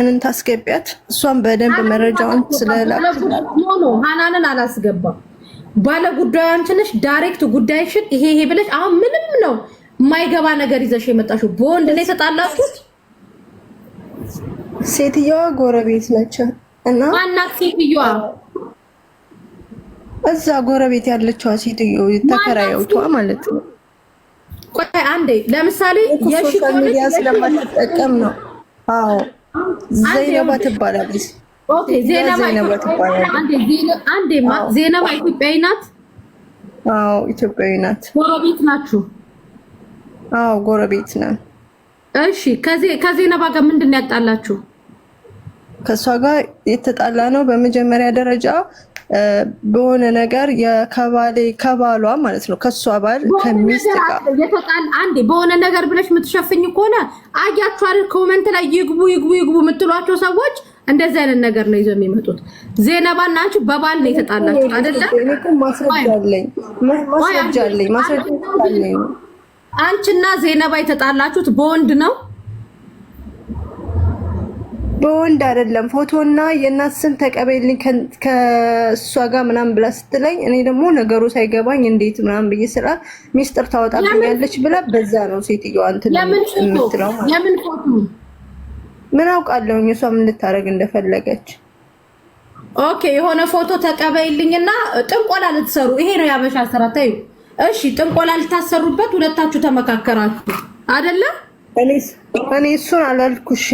እንን ታስገቢያት እሷን በደንብ መረጃውን ስለላኖ ሀናንን አላስገባም። ባለ ጉዳዩ አንቺ ነሽ። ዳይሬክት ጉዳይሽን ይሄ ይሄ ብለሽ አሁን ምንም ነው የማይገባ ነገር ይዘሽ የመጣሽው። በወንድ ነው የተጣላችሁት። ሴትዮዋ ጎረቤት ናቸው እና ዋና ሴትዮዋ? እዛ ጎረቤት ያለችዋ ሴትዮ ተከራየውቷ ማለት ነው። ቆይ አንዴ፣ ለምሳሌ የሺ ስለማትጠቀም ነው። አዎ ዘይነባ ትባላለች። ዜናባ ኢትዮጵያዊ ናት። አዎ ኢትዮጵያዊ ናት። ጎረቤት ናችሁ? አዎ ጎረቤት ነን። እሺ ከዜናባ ጋር ምንድን ነው ያጣላችሁ? ከእሷ ጋር የተጣላ ነው በመጀመሪያ ደረጃ በሆነ ነገር የከባሌ ከባሏ ማለት ነው ከእሷ ባል ከሚስት ጋር አንዴ በሆነ ነገር ብለሽ የምትሸፍኝ ከሆነ አያችኋል። ኮመንት ላይ ይግቡ ይግቡ ይግቡ የምትሏቸው ሰዎች እንደዚህ አይነት ነገር ነው ይዘው የሚመጡት። ዜናባና አንቺ በባል ነው የተጣላችሁ አይደለ? ማስረጃ አለኝ፣ ማስረጃ አለኝ። አንቺና ዜናባ የተጣላችሁት በወንድ ነው በወንድ አይደለም ፎቶና የእናት ስም ተቀበልኝ ከእሷ ጋር ምናምን ብላ ስትለኝ እኔ ደግሞ ነገሩ ሳይገባኝ እንዴት ምናምን ብዬ ስላት ሚስጥር ታወጣብኛለች ብላ በዛ ነው ሴትዮዋ እንትን የምትለው ምን አውቃለሁኝ እሷ ምን ልታደርግ እንደፈለገች ኦኬ የሆነ ፎቶ ተቀበይልኝና ጥንቆላ ልትሰሩ ይሄ ነው ያበሻ ስራ ታዩ እሺ ጥንቆላ ልታሰሩበት ሁለታችሁ ተመካከራችሁ አይደለም እኔ እሱን አላልኩሽ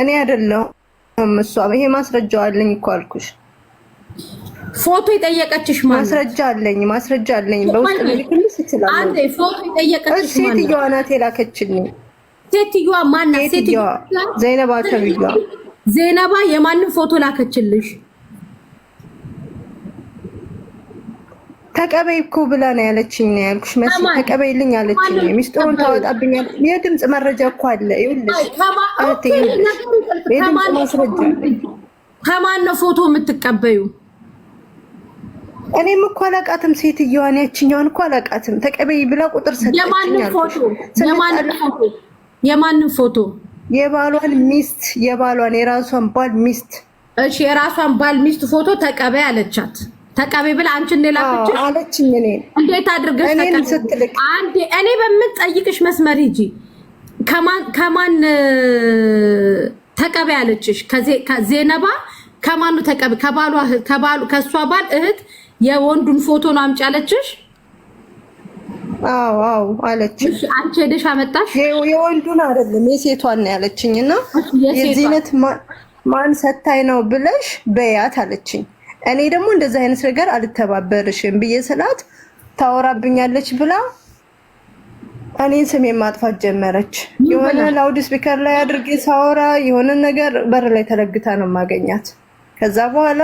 እኔ አይደለሁም እሷ። ይሄ ማስረጃው አለኝ እኮ አልኩሽ። ፎቶ የጠየቀችሽ ማስረጃ አለኝ፣ ማስረጃ አለኝ። በውስጥ ልልክልሽ ይችላል። አንዴ ፎቶ የጠየቀችሽ ማን? ሴትዮዋ ናት የላከችልኝ። ሴትዮዋ ማን? ሴትዮዋ ዘይነባ ተብያ። ዘይነባ የማንም ፎቶ ላከችልሽ? ተቀበይ እኮ ብላ ነው ያለችኝ ነው ያልኩሽ። መሲ ተቀበይልኝ አለችኝ። ሚስጥሩን ታወጣብኛል። የድምፅ መረጃ እኮ አለ። ይኸውልሽ የድምፅ ማስረጃ። ከማን ነው ፎቶ የምትቀበዩ? እኔም እኮ አላቃትም። ሴትዮዋን ያችኛዋን እኮ አላቃትም። ተቀበይ ብላ ቁጥር ሰጠችኝ። የማንን ፎቶ? የባሏን ሚስት፣ የባሏን የራሷን ባል ሚስት። እሺ የራሷን ባል ሚስት ፎቶ ተቀበይ አለቻት። ተቀቤ ብላ አንቺን ላኩች አለችኝ። እኔ እንዴት አድርገሽ አንዴ እኔ በምንጠይቅሽ መስመር ሂጂ። ከማን ከማን ተቀቤ አለችሽ? ከዜነባ ከማኑ ተቀቤ? ከባሏ ከባሉ ከሷ ባል እህት የወንዱን ፎቶ ነው አምጪ አለችሽ? አዎ አዎ አለችኝ። አንቺ ሄደሽ አመጣሽ? የወንዱን አይደለም የሴቷን ነው ያለችኝና የዚህነት ማን ሰታይ ነው ብለሽ በያት አለችኝ። እኔ ደግሞ እንደዚህ አይነት ነገር አልተባበርሽም ብዬ ስላት ታወራብኛለች ብላ እኔን ስሜን ማጥፋት ጀመረች። የሆነ ላውድ ስፒከር ላይ አድርጌ ሳወራ የሆነ ነገር በር ላይ ተለግታ ነው የማገኛት። ከዛ በኋላ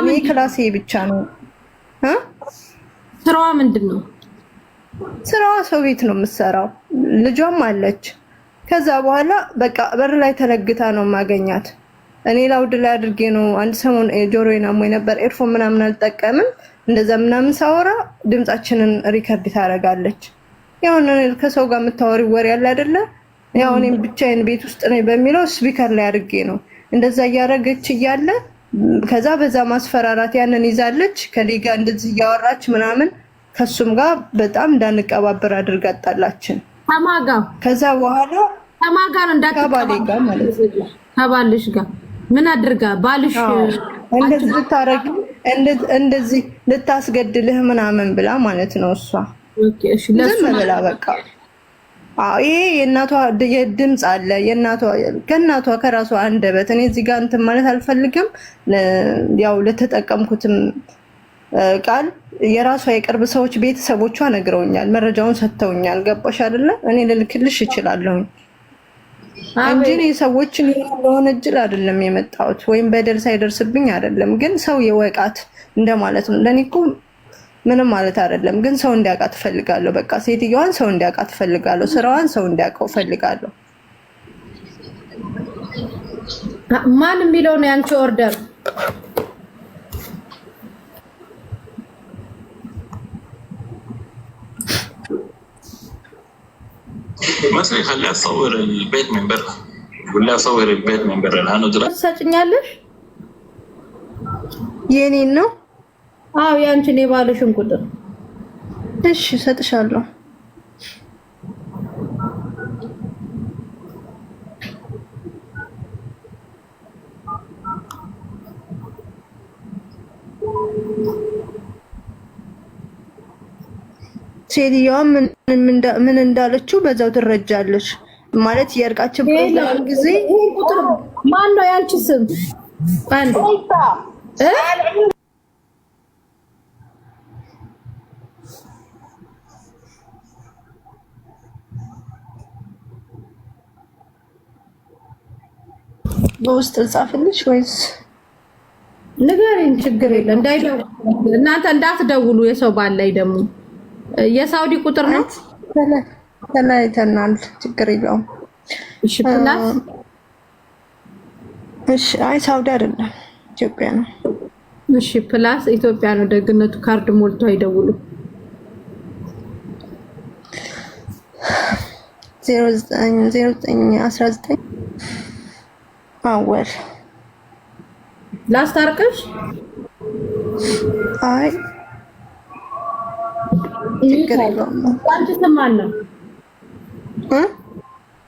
እኔ ክላሴ ብቻ ነው። ስራዋ ምንድን ነው? ስራዋ ሰው ቤት ነው የምትሰራው። ልጇም አለች። ከዛ በኋላ በቃ በር ላይ ተለግታ ነው የማገኛት። እኔ ላውድ ላይ አድርጌ ነው አንድ ሰሞን ጆሮዬን አሞኝ ነበር። ኤርፎን ምናምን አልጠቀምም። እንደዛ ምናምን ሳወራ ድምፃችንን ሪከርድ ታደርጋለች። ያው ከሰው ጋር የምታወሪ ወሬ ያለ አይደለ? ያው እኔም ብቻዬን ቤት ውስጥ ነኝ በሚለው ስፒከር ላይ አድርጌ ነው እንደዛ እያደረገች እያለ ከዛ በዛ ማስፈራራት ያንን ይዛለች። ከሌጋ እንደዚህ እያወራች ምናምን ከሱም ጋር በጣም እንዳንቀባበር አድርጋ አጣላችን። ከማጋ ከዛ በኋላ ከማጋ እንዳትቀባበል ከባልሽ ጋር ምን አድርጋ ባልሽ እንደዚህ እንደዚህ ልታስገድልህ ምናምን ብላ ማለት ነው። እሷ ዝም ብላ በቃ ይሄ የእናቷ ድምፅ አለ። የእናቷ ከእናቷ ከራሷ አንደበት እኔ እዚህ ጋር እንትን ማለት አልፈልግም። ያው ለተጠቀምኩትም ቃል የራሷ የቅርብ ሰዎች ቤተሰቦቿ ነግረውኛል፣ መረጃውን ሰጥተውኛል። ገባሽ አይደለ? እኔ ልልክልሽ እችላለሁኝ እንጂ እኔ ሰዎችን ለሆነ እጅል አይደለም የመጣሁት ወይም በደል ሳይደርስብኝ አይደለም። ግን ሰው የወቃት እንደማለት ነው። ለኔኮ እኮ ምንም ማለት አይደለም። ግን ሰው እንዲያውቃ ትፈልጋለሁ በቃ ሴትዮዋን ሰው እንዲያውቃ ትፈልጋለሁ ስራዋን ሰው እንዲያውቀው ፈልጋለሁ? ማን የሚለው ነው ያንቺ ኦርደር? اصلي خليه اصور البيت من برا قول لها صور البيت من برا لانه درا ትሰጭኛለሽ የኔን ነው አዎ ያንቺን የባለሽን ቁጥር እሺ እሰጥሻለሁ ሴትዮዋ ምን እንዳለችው በዛው ትረጃለች ማለት የእርቃችን ፕሮግራም ጊዜ ማን ነው ያንቺ ስም? አንድ በውስጥ ልጻፍልሽ ወይስ ንገሪን? ችግር የለም። እናንተ እንዳትደውሉ የሰው ባል ላይ ደግሞ የሳውዲ ቁጥር ናት። ተለያይተናል፣ ችግር የለውም። እሺ ፕላስ አይ ሳውዲ አይደለም ኢትዮጵያ ነው። እሺ ፕላስ ኢትዮጵያ ነው። ደግነቱ ካርድ ሞልቶ አይደውሉም። ዜሮ ዘጠኝ ዜሮ ዘጠኝ አስራ ዘጠኝ ላስታርቅሽ። አይ ችግር የለውም። የአንቺ ስም ማን ነው?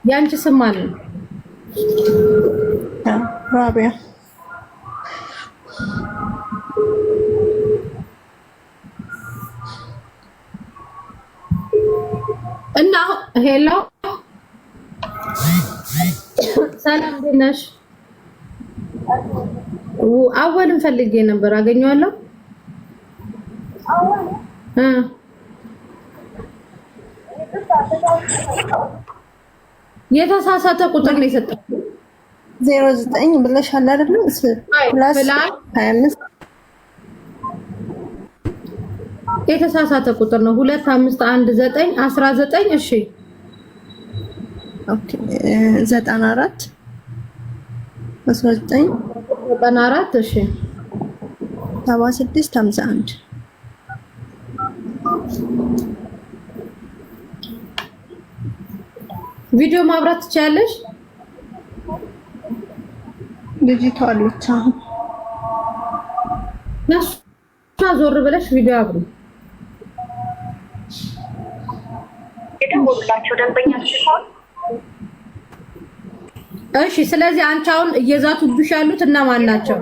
የአንቺ ስም ማን ነው? ራቢያ እና ሄሎ፣ ሰላም እንዴት ነሽ? አወልን ፈልጌ ነበር አገኘዋለሁ። የተሳሳተ ቁጥር ነው የሰጠው። ዜሮ ዘጠኝ ብለሻል አይደለ? ፕላስ ሀያ አምስት የተሳሳተ ቁጥር ነው። ሁለት አምስት አንድ ዘጠኝ አስራ ዘጠኝ እሺ ዘጠና አራት አስራ ዘጠኝ ዘጠና አራት እሺ ሰባ ስድስት ሀምሳ አንድ ቪዲዮ ማብራት ትችያለሽ? ልጅቷ አለች አሁን ነሷ ዞር ብለሽ ቪዲዮ አብሩ። እሺ። ስለዚህ አንቺ አሁን እየዛቱብሽ ያሉት እና ናቸው?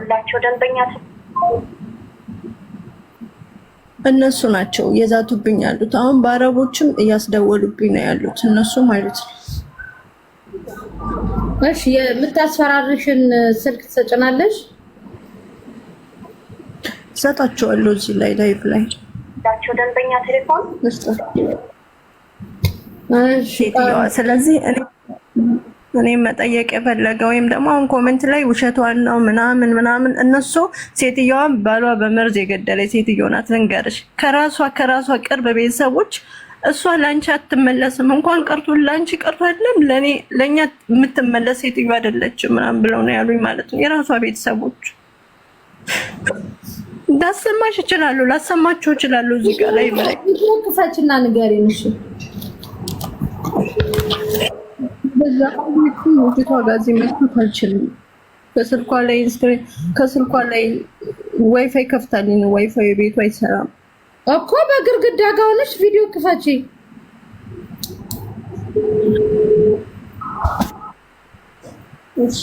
እነሱ ናቸው እየዛቱብኝ ያሉት። አሁን በአረቦችም እያስደወሉብኝ ነው ያሉት እነሱ ማለት ነው። እሺ የምታስፈራርሽን ስልክ ትሰጭናለሽ? እሰጣቸዋለሁ። እዚህ ላይ ላይቭ ላይ ዳቸው ስለዚህ እኔ መጠየቅ የፈለገ ወይም ደግሞ አሁን ኮሜንት ላይ ውሸቷን ነው ምናምን ምናምን፣ እነሱ ሴትዮዋን ባሏ በመርዝ የገደለ ሴትዮ ናት ልንገርሽ፣ ከራሷ ከራሷ ቅርብ ቤተሰቦች እሷ ላንቺ አትመለስም እንኳን ቀርቶ ላንቺ ቀርቶ አይደለም ለእኔ ለእኛ የምትመለስ ሴትዮ አይደለችም ምናምን ብለው ነው ያሉኝ ማለት ነው የራሷ ቤተሰቦች ላሰማሽ ይችላሉ፣ ላሰማቸው ይችላሉ። እዚህ ጋር ላይ ክፈችና ንገሪን እሺ ልጅቷ ጋዚ መስት አልችልም በስልኳ ላይ ከስልኳ ላይ ዋይፋይ ከፍታልኝ ዋይፋይ ቤቱ አይሰራም እኮ በግርግዳ ጋር ሆነሽ ቪዲዮ ክፈቺ። እሺ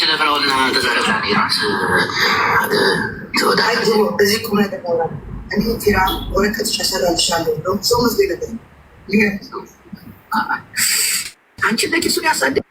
ስለ ፍራውን ተዘረጋ ራስ ወረቀት